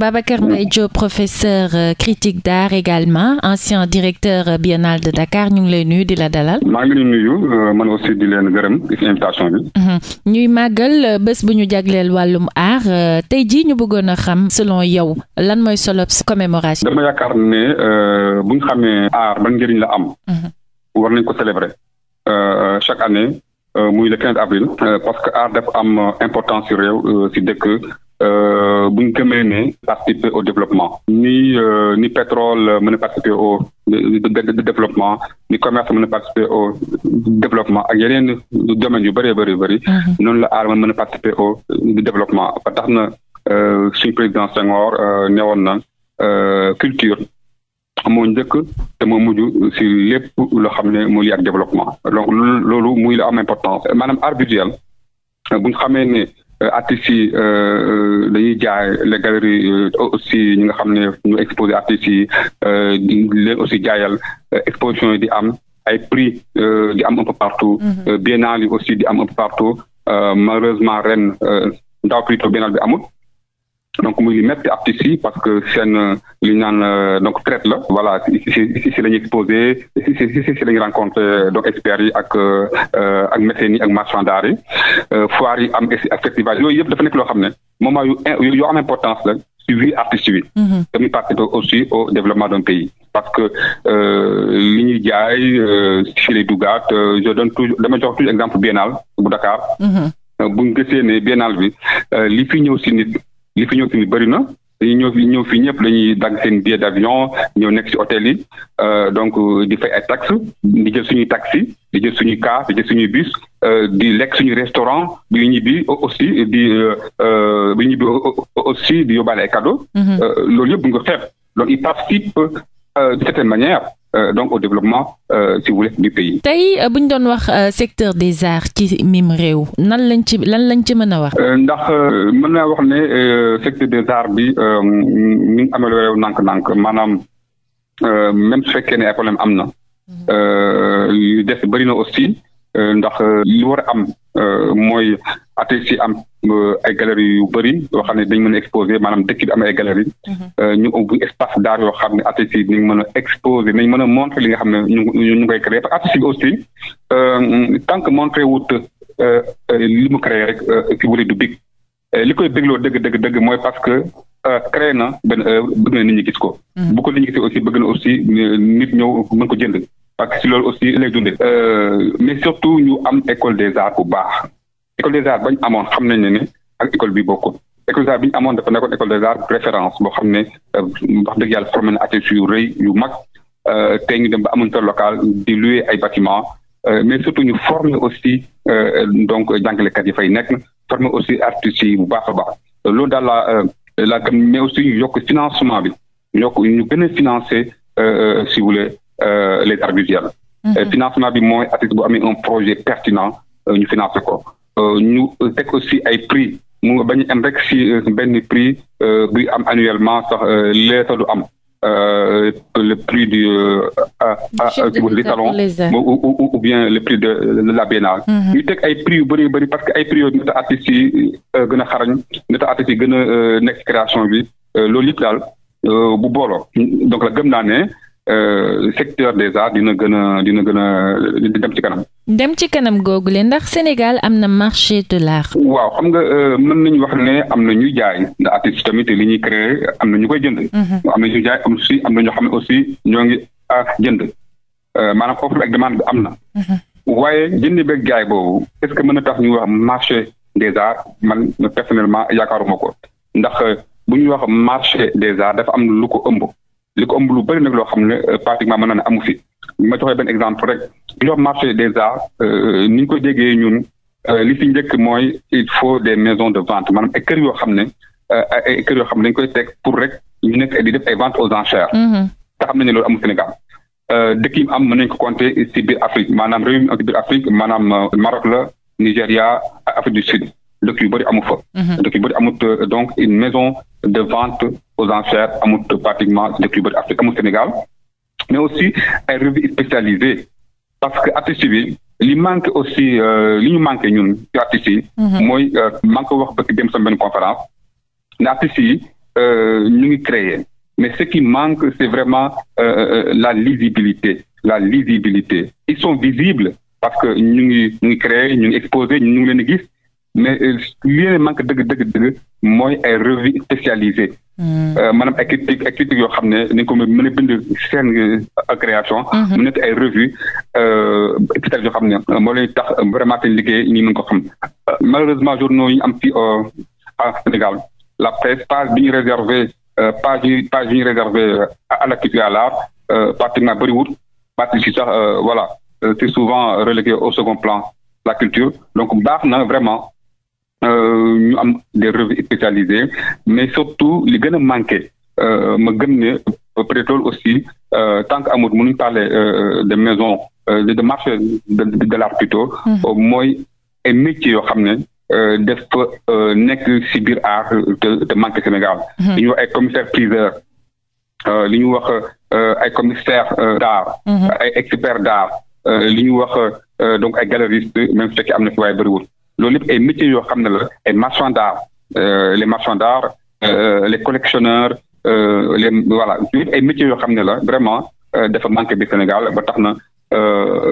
Babacar Mbay professeur euh, critique d'art également ancien directeur euh, biennale de Dakar ñu ngi lay nuyu di la dalal. maa ngi nuyu euh, man aussi di leen gërëm ci invitation bi. Mhm. ñuy màggal bés bu ñu jagleel wàllum art tey jii ñu bëggoon a xam selon yow lan mooy solo commémoration. dama yaakaar ne bu ñu xamee art ban njëriñ la am. Mhm. war nañ ko célébrer chaque année muy le 15 parce que art dafa am importance ci réew ci dëkk. Euh, bu ñu ne participer au développement ni euh, ni pétrole mën a participer au développement ni commerce mën a participer au développement ak yeneen domaines yu bëree bari bëri mhm. noonu la aar mën a participer au développement ba tax na euh, suñu président Senghor newoon na culture moo njëkk te moo mujj si lépp loo xam ne moo lii ak développement donc loolu muy la am importance maanaam art visuel bu ñu Euh, artistes yi euh, euh, dañuy jaay les galeries aussi ñi nga xam ne ñu exposé artistes yi aussi jaayal exposition yi di am ay prix di am un peu partout mm-hmm. biennale yi aussi di am un peu partout malheureusement ren daaw plutôt biennale bi amul donc muy lu métti ab tissu parce que seen euh, li ñu naan euh, traite la voilà si si si la ñu exposé si si si euh, donc experts yi ak ak médecins yi ak marchands d'art yi foire yi am ak festival yooyu yëpp dafa nekk loo xam ne moment yu in yoo am importance la suivi artiste bi. dañuy mhm. participer aussi au développement d'un pays. parce que li ñuy jaay si lay dugaat je donne toujours dama jox toujours exemple biennale bu Dakar. Mhm. bu ñu gisee ne bi li fi ñëw si nit. li fi ñëw tamit na dañuy ñëw fi ñëw fi ñëpp dañuy dagg seen billet d'avion ñëw nekk ci hôtel yi euh, donc di fay ay taxes di jël suñuy taxi di jël suñuy car di jël suñuy bus euh, di lekk suñuy restaurant bi ñibbi aussi di bi euh, ñibbi aussi di yóbbaale ay cadeaux. Mm-hmm. loolu yëpp bu nga xeeb donc il participe d'une certaine manière Euh, donc au développement euh, si vous du pays. tey euh, bu ñu doon wax secteur des arts ci mim réew nan lañ ci lan lañ ci mën a wax. ndax mën naa wax ne secteur des arts bi mi ngi amélioré wu nànk-nànk même su fekkee ne ay problème am na. Mhm. yu des bëri aussi ndax li am. Euh, mooy artistes yi am euh, ay galeries yu bëri yoo xam ne dañ mën a exposé maanaam dëkk bi am ay galeries mhm. euh, ñu ubbi espace d'art yoo xam ne artistes yi nañ mën a exposé nañ mën a montré li nga xam ne ñu ñu ngi koy créé parce aussi tant que montré wut li mu créé rek ki wuri du big li koy bégloo dëgg dëgg dëgg mooy parce que créé na benn bëgg na nit ñi ko mhm. bu ko nit ñi gisee aussi bëgg na aussi nit ñëw mën ko jënd parce que si loolu aussi lay dundee. Euh, mais surtout ñu am école des arts bu baax école des arts bañ amoon xam nañ ne ne ak école bi bokkul école des arts bi ñu amoon dafa nekkoon école des arts référence boo xam ne euh, wax dëgg yàlla formé na artistes yu rëy yu mag euh, tey ñu dem ba amoon seen di louer ay bâtiment mais surtout ñu former aussi donc jàngalekat yi fay nekk former aussi artistes yi bu baax a baax loolu daal la la mais aussi ñu yokk financement bi ñu yokk ñu gën a financer si vous Euh, les arbusien mhm. financement bi mooy artiste bu amee un projet pertinent euh, ñu financé ko euh, ñu teg aussi ay prix mu bañ am rek si benn prix bi am annuellement sax lee sax du am le prix du du salon ou bien le prix de la biennale mhm. ñu teg ay prix yu bëri bëri parce que ay prix yooyu neta artistes yi gën a xarañ neta artistes yi gën a création bi loolu yëpp daal bu booloo donc la gëm naa ne Euh, secteur des arts dina gën a dina gën a dem ci kanam. dem ci kanam googu ndax Sénégal am na marché de l'art. waaw xam nga euh, mën nañu wax ne am na ñuy jaay ndax artiste tamit li ñuy créer am na ñu koy jënd. Mhm. am na jaay am am na ñoo xam ne aussi ñoo ngi ah, jënd euh, maanaam foofu la ak demande bi am na. Mhm. waaye jënd beeg jaay boobu est-ce que mën na tax ñu wax marché des arts man personnellement yaakaaruma ko ndax bu ñuy wax marché des arts dafa am lu ko ëmb. li ko ëmb lu bëri nag loo xam ne euh, pratiquement mën naa ne amu fi ñu ma joxee benn exemple rek li marché des arts euh, ni ñu ñun euh, li fi njëkk mooy il faut des maisons de vente maanaam ay kër yoo xam ne ay kër yoo xam ne dañu koy teg pour rek ñu nekk di def ay ventes aux enchères. Mm-hmm. te xam nañ ne loolu amul Sénégal dëkk am mën nañu ko compter ci biir Afrique maanaam réew mi ak biir Afrique maanaam Maroc la Nigéria Afrique du Sud dëkk yu bëri amu fa. Mm-hmm. dëkk donc une maison de vente. aux enchères amut pratiquement ci dëkk yu bëri Afrique amul Sénégal mais aussi ay revue spécialisée parce que artiste bi li manqué aussi euh, li ñu manqué ñun ci artistes yi mhm. mooy euh, manqué wax bëgg dem sama benn conférence ne artistes yi euh, ñu ngi créer mais ce qui manque c'est vraiment la lisibilité la lisibilité ils sont visibles parce que ñu ngi ñu ngi créer ñu ngi exposé ñu ngi leen di gis mais li leen manque dëgg dëgg dëgg mooy ay revues spécialisées Mm. Euh, maanaam ay critique ay critique yoo xam ne ni nga ko mën a bind seen création. Euh, mm-hmm. mu nekk ay revue euh, critères yoo xam ne moo tax vraiment seen liggéey ñu mën ko xam malheureusement journaux yi am fii à Sénégal la presse page bi ñu réservé page yi page bi ñu réservé à la culture à l'art pratiquement bëriwul parti si sax voilà c'est souvent relégué au second plan la culture donc baax na vraiment Euh, ñu am de revues spécialisées mais surtout li gën a manqué euh, ma gëm ne peut-être loolu aussi euh, tant que amut mënuñ parler de maison de marché de de l'art plutôt mhm. mooy ay métiers yoo xam ne def nekk ci biir art te te manqué Sénégal mhm. li ay commissaire priseur li ñu wax ay commissaire mhm. d'art ay expert d'art li wax donc ay galeriste même su fekkee am na fi waaye bëriwul loolu yëpp ay métiers yoo xam ne la ay marchands d'art euh, les marchands d'art euh, les e les voilà yooyu yëpp ay métiers yoo xam ne la vraiment dafa manqué bi Sénégal ba tax na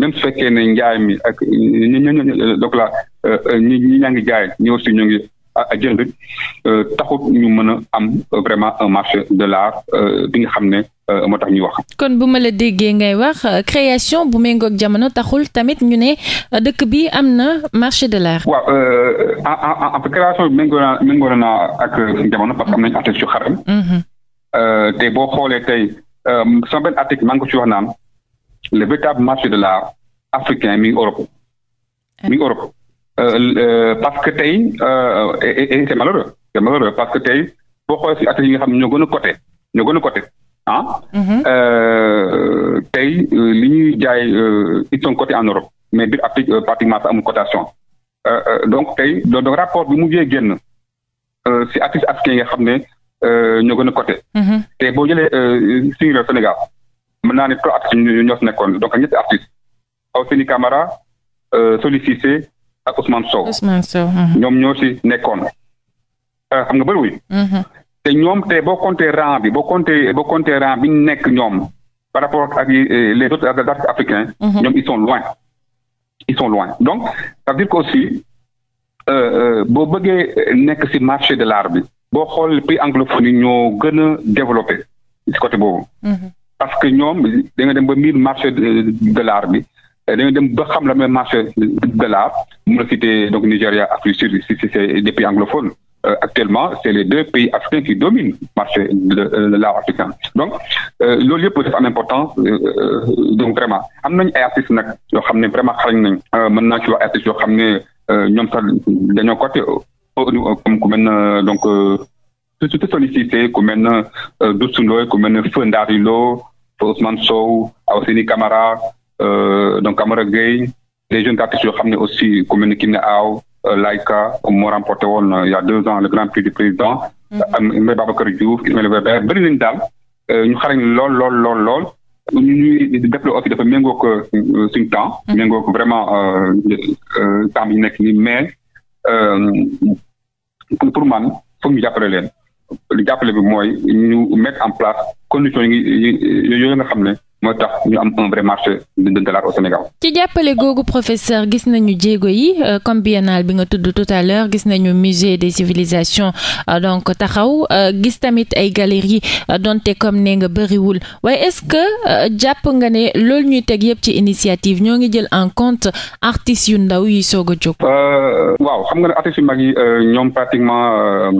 même su fekkee ne njaay mi ak ñi ñu donc la ñi ñi ñaa ngi jaay ñi aussi ñu ngi ah, ah, jënd taxut ñu mën a am vraiment un marché de l'art bi nga xam ne Euh, moo tax ñu wax. kon bu ma la déggee ngay wax euh, création bu méngoog jamono taxul tamit ñu ne euh, dëkk bi am na marché de l'art. waaw en en création bi méngoo naa méngoo naa parce que am nañu article yu xaram. Mm-hmm. te boo xoolee tey sama benn article ci wax naan le véritable marché de l'art africain mi Europe. Ah. mi Europe. parce que tey et et c'est malheureux parce que tey boo xoolee si article xam ne ñoo gën a ah. Mhm. Euh, tey euh, li ñuy jaay euh, ils sont cotés en Europe mais biir Afrique pratiquement sax amul cotation donc tey donc rapport bi mujjee génn si artistes africains yi nga xam ne ñoo gën a coté. Mhm. te boo jëlee suñu Sénégal mën naa ne trois artistes ñoo nekkoon donc ñetti artistes Houssini Camara Soli Cissé ak Sow. Mhm. ñoom ñoo si nekkoon xam nga bëriwul. te ñoom te bo compter rang bi bo compter boo compter rang bi nekk ñoom par rapport a ak euh, les autres artistes africains. Mhm. ñoom ils sont loin ils sont loin donc ça veut dire que aussi euh, euh, boo bëggee nekk ci marché de l'art bi boo xool pays anglophone yi ñoo gën développé ci côté boobu. Mhm. parce que ñoom da dem ba miir marché de l'art bi da dem ba xam la même marché de l'art mu la Nigéria Afrique du Sud si c'est des pays anglophones. euh, actuellement, c'est les deux pays africains qui dominent le marché de, euh, de l'art africain. donc euh, loolu yëpp dafa am important euh, donc vraiment am nañ ay artistes nag yoo xam ne vraiment xarañ nañ mën naa ci wax artistes yoo xam ne ñoom sax dañoo côté comme ku mel na donc surtout sollicité ku mel na Youssou Ndoye ku mel na Feu Ndari Lo Feu sow Sow Awseni Camara donc Camara Gueye les jeunes artistes yoo xam ne aussi ku mel ne Kiné Aw Euh, Laïka moo remporté woon euh, il a deux ans le grand prix du président. am mm-hmm. euh, Mbaye Babacar Diouf Ismaël Weber bëri nañ daal ñu xarañ lool lool lool lool. ñu ñuy def aussi dafa méngoog suñ temps. Mm-hmm. méngoog vraiment temps ñu nekk nii mais pour man foog ñu jàppale leen. li jàppale bi mooy ñu mettre en place conditions yi yooyu nga xam ne. moo tax ñu am un marché ci jàppale googu professeur gis nañu jéego yi euh, comme biennale bi nga tudd tout à l'heure gis nañu musée des civilisations euh, donc taxaw euh, gis tamit ay galeries donte comme nee nga bëriwul waaye est-ce que jàpp nga ne loolu ñuy teg yëpp ci initiative ñoo ngi jël en compte artistes yu ndaw yi soog a jóg. waaw xam nga ne artistes yu mag ñoom pratiquement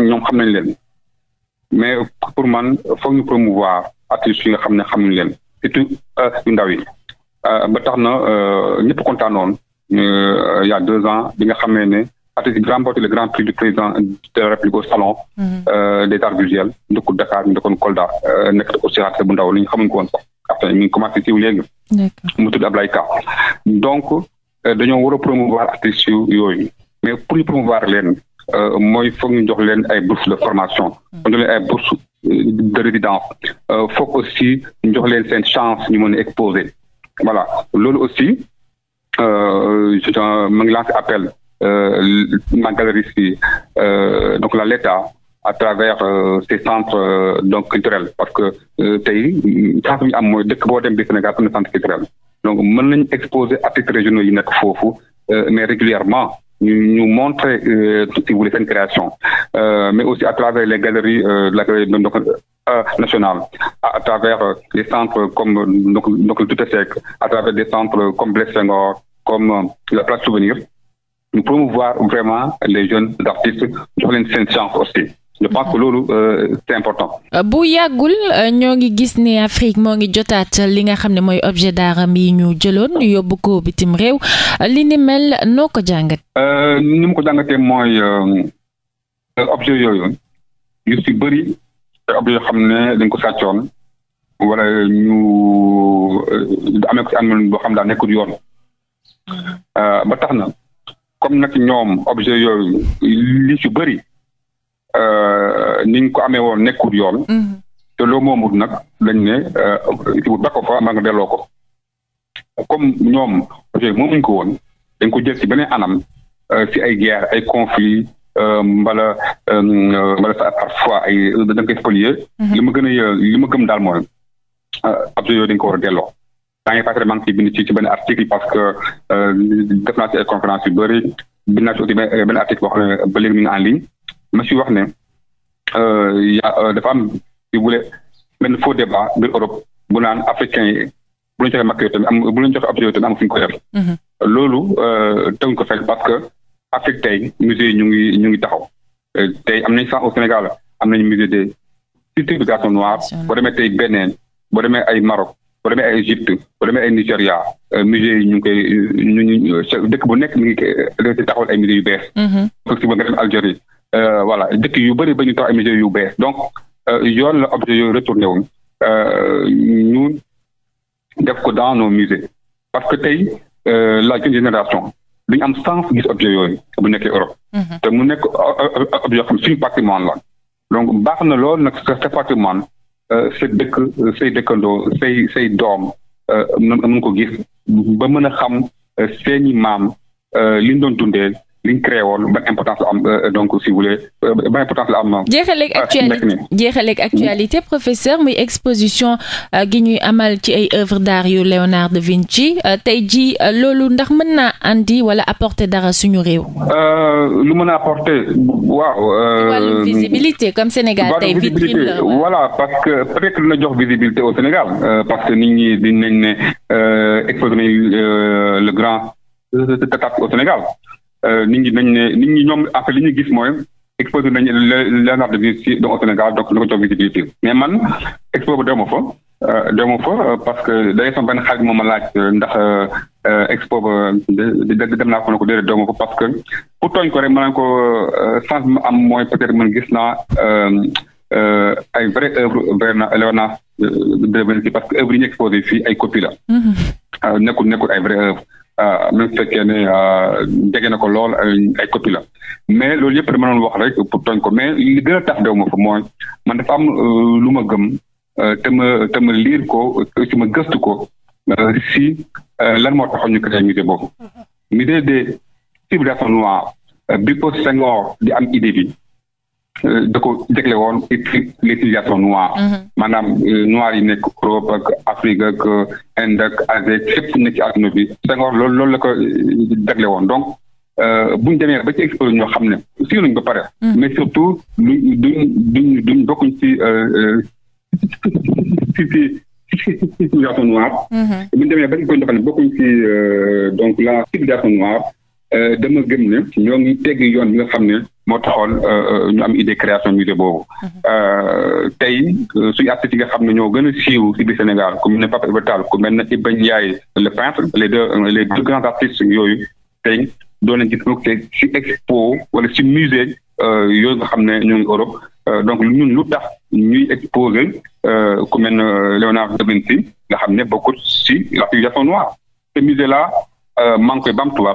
ñoom xam nañ leen mais pour man foog ñu promouvoir. artistes yi nga xam ne xamuñu leen surtout euh, yu ndaw yi euh, ba tax na euh, ñëpp kontaanoon il a deux ans bi nga xamee ne artistes yi remporté le grand prix du président de la République au salon mhm. des arts visuels ndëkkul Dakar ñu Kolda nekk aussi artiste bu ndaw li ñu xamuñu ko woon sax après ñu ngi commencé siiw léegi mu tudd Ablaye Ka donc dañoo war a promouvoir artistes yu yooyu mais pour ñu promouvoir leen mooy foog ñu ay bourses de formation ñu mhm. ay bourses de résidence euh, foog aussi ñu jox leen seen chance ñu mën a exposer voilà loolu aussi je euh, ma ngi lancé appel euh, ma galerie si donc la l'État à travers ces centres donc culturels parce que tey chance bi am mooy dëkk boo dem bi Sénégal am na centre culturel donc mën nañu exposer artistes régionaux yi nekk foofu mais régulièrement ñu montrer euh, si vous seen création euh, mais aussi à travers les galeries euh, de la nationale à travers des centres comme donc le Tout-Sec à travers des centres comme Blaise comme la place Souvenir ñu promouvoir vraiment les jeunes artistes jox leen seen chance aussi je loolu euh, c'est important. Euh, bu yàggul euh, ñoo ngi gis ne Afrique moo ngi jotaat li nga xam ne mooy objet d'art yi ñu jëloon yóbbu ko bitim réew li ni mel noo ko jàngat. ni mu ko jàngatee mooy objet yooyu yu si objet yoo xam ne dañ ko sàccoon wala ñu amee ko si anam boo xam daa nekkul yoon ba tax na comme nag ñoom objet yooyu li si bëri. Euh, ni ñu ko amee woon nekkul yoon. Mm-hmm. te loo moomut nag lañ ne ci euh, ba ko fa maa nga delloo ko comme ñoom moom moomuñ ko woon dañ ko jël ci beneen anam euh, ci ay guerre ay conflit mbala mbala parfois ay dañ koy spolier mm-hmm. li ma gën a li ma gëm daal mooy objet yooyu dañ ko war a delloo daa ngi fàttali maa ngi ciy bind ci ci benn article parce que def naa ci ay conférence yu bëri bind naa ci aussi benn article boo xam ne ba léegi mi en ligne ma si wax ne euh, yaa euh, dafa am si wule benn faux débat biir Europe bu naan africain yi bu ñu joxe makk tamit am bu ñu joxe objet tamit am fu ñu ko def mhm. loolu euh, teguñ ko fekk parce que Afrique tey musée ñu ngi ñu ngi taxaw tey am nañ sa au Sénégal am nañ musée des civilisations noires boo demee tey Bénin boo demee ay Maroc boo demee ay Égypte boo demee ay euh, musée yi ñu ngi koy ñu ñu dëkk bu nekk mi ngi koy taxawal ay musée yu bees. Mm-hmm. fekk si ba nga dem Algérie euh, voilà dëkk yu bëri ba ñu tax ay musée yu bees donc euh, yoon la objet yooyu retourné woon ñu def ko dans nos musées parce que tey la jeune génération dañu am sens gis objet yooyu bu nekkee Europe. Mm-hmm. te mu nekk objet yoo xam suñu patrimoine la donc baax na lool nag sa patrimoine Euh, sa dëkk sey dëkkandoo say say doom euh, mën ko gis ba mën a xam euh, seeni maam li ñu doon dundee li ñu créé woon ban importance la am euh, euh, donc si vous voulez euh, ban importance la am. jeexaleeg ah, actualité jeexaleeg actualité professeur muy exposition gi ñuy amal ci ay œuvres d'art yu Léonard de Vinci tey jii loolu ndax mën naa andi wala apporter dara suñu réew. lu mën a apporter waaw. wàllu mm, visibilité comme Sénégal tey vitrine la voilà parce que peut-être dina jox visibilité au Sénégal parce que nit ñi dinañ ne exposé nañu le grand tatat au Sénégal. Euh, nit ñi nañ ne nit ñi ñoom après li ñu gis mooy exposé nañ Léonard de Vinci donc au Sénégal donc na ko jox visibilité mais man expo bu dema fa euh, dema euh, fa parce que day sama benn xarit moom ma laaj ndax expo ba dem naa ko ko déedéet dema fa parce que pour tooñ ko rek ma ne ko sens am mooy peut-être man gis naa Euh, ay vraie œuvre Léonard euh, de Vinci parce que œuvre yi ñu exposé fii ay copie la mhm. ah, nekkul nekkul ay vraie œuvre ah, même fekkee ne ah, jege na ko lool ay copie la mais loolu yëpp dama doon wax rek pour tooñ ko mais li gën a tax dew ma fa mooy man dafa am euh, lu ma gëm te ma tema ma ko te ma gëstu ko si lan moo taxoon ñu créé musée boobu mhm. musée des civilisations noires bi ko Senghor di am idée bi da ko jagle woon et puis l'utilisation noire maanaam noir yi nekk Europe ak Afrique ak Inde ak Asie fépp nekk ci àdduna bi Senghor loolu loolu la ko jagle woon donc buñ demee ba ci exposé ñoo xam ne sii nañ ba pare mais surtout luñ du du duñ bokkuñ ci ci ci civilisation noire demee ba ci exposé ñoo xam donc la civilisation noire Euh, dama gëm ne ñoo ngi tegg yoon bi nga xam ne moo taxoon euh, ñu am idée création musée boobu mhm. euh, tey suñu artistes yi nga xam ne ñoo gën a siiw ci biir Sénégal ku mel ne Papa Iba Tall ku mel ne Iba Ndiaye le peintre les deux les deux grands artistes yooyu tey doon nañ gis mook expo wala ci musée yooyu nga xam ne ñoo ngi Europe donc ñun lu tax ñuy exposé ku mel ne Léonard de Vinci nga xam ne bokkut ci la civilisation noire ce musée là maa ngi koy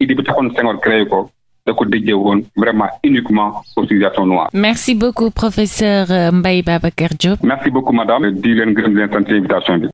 idée bi taxoon Senghor créé ko da ko déjee woon vraiment uniquement aux civilisations noires. merci beaucoup professeur euh, Mbaye Babacar Diop. merci beaucoup madame. di leen gërëm di leen sant invitation bi.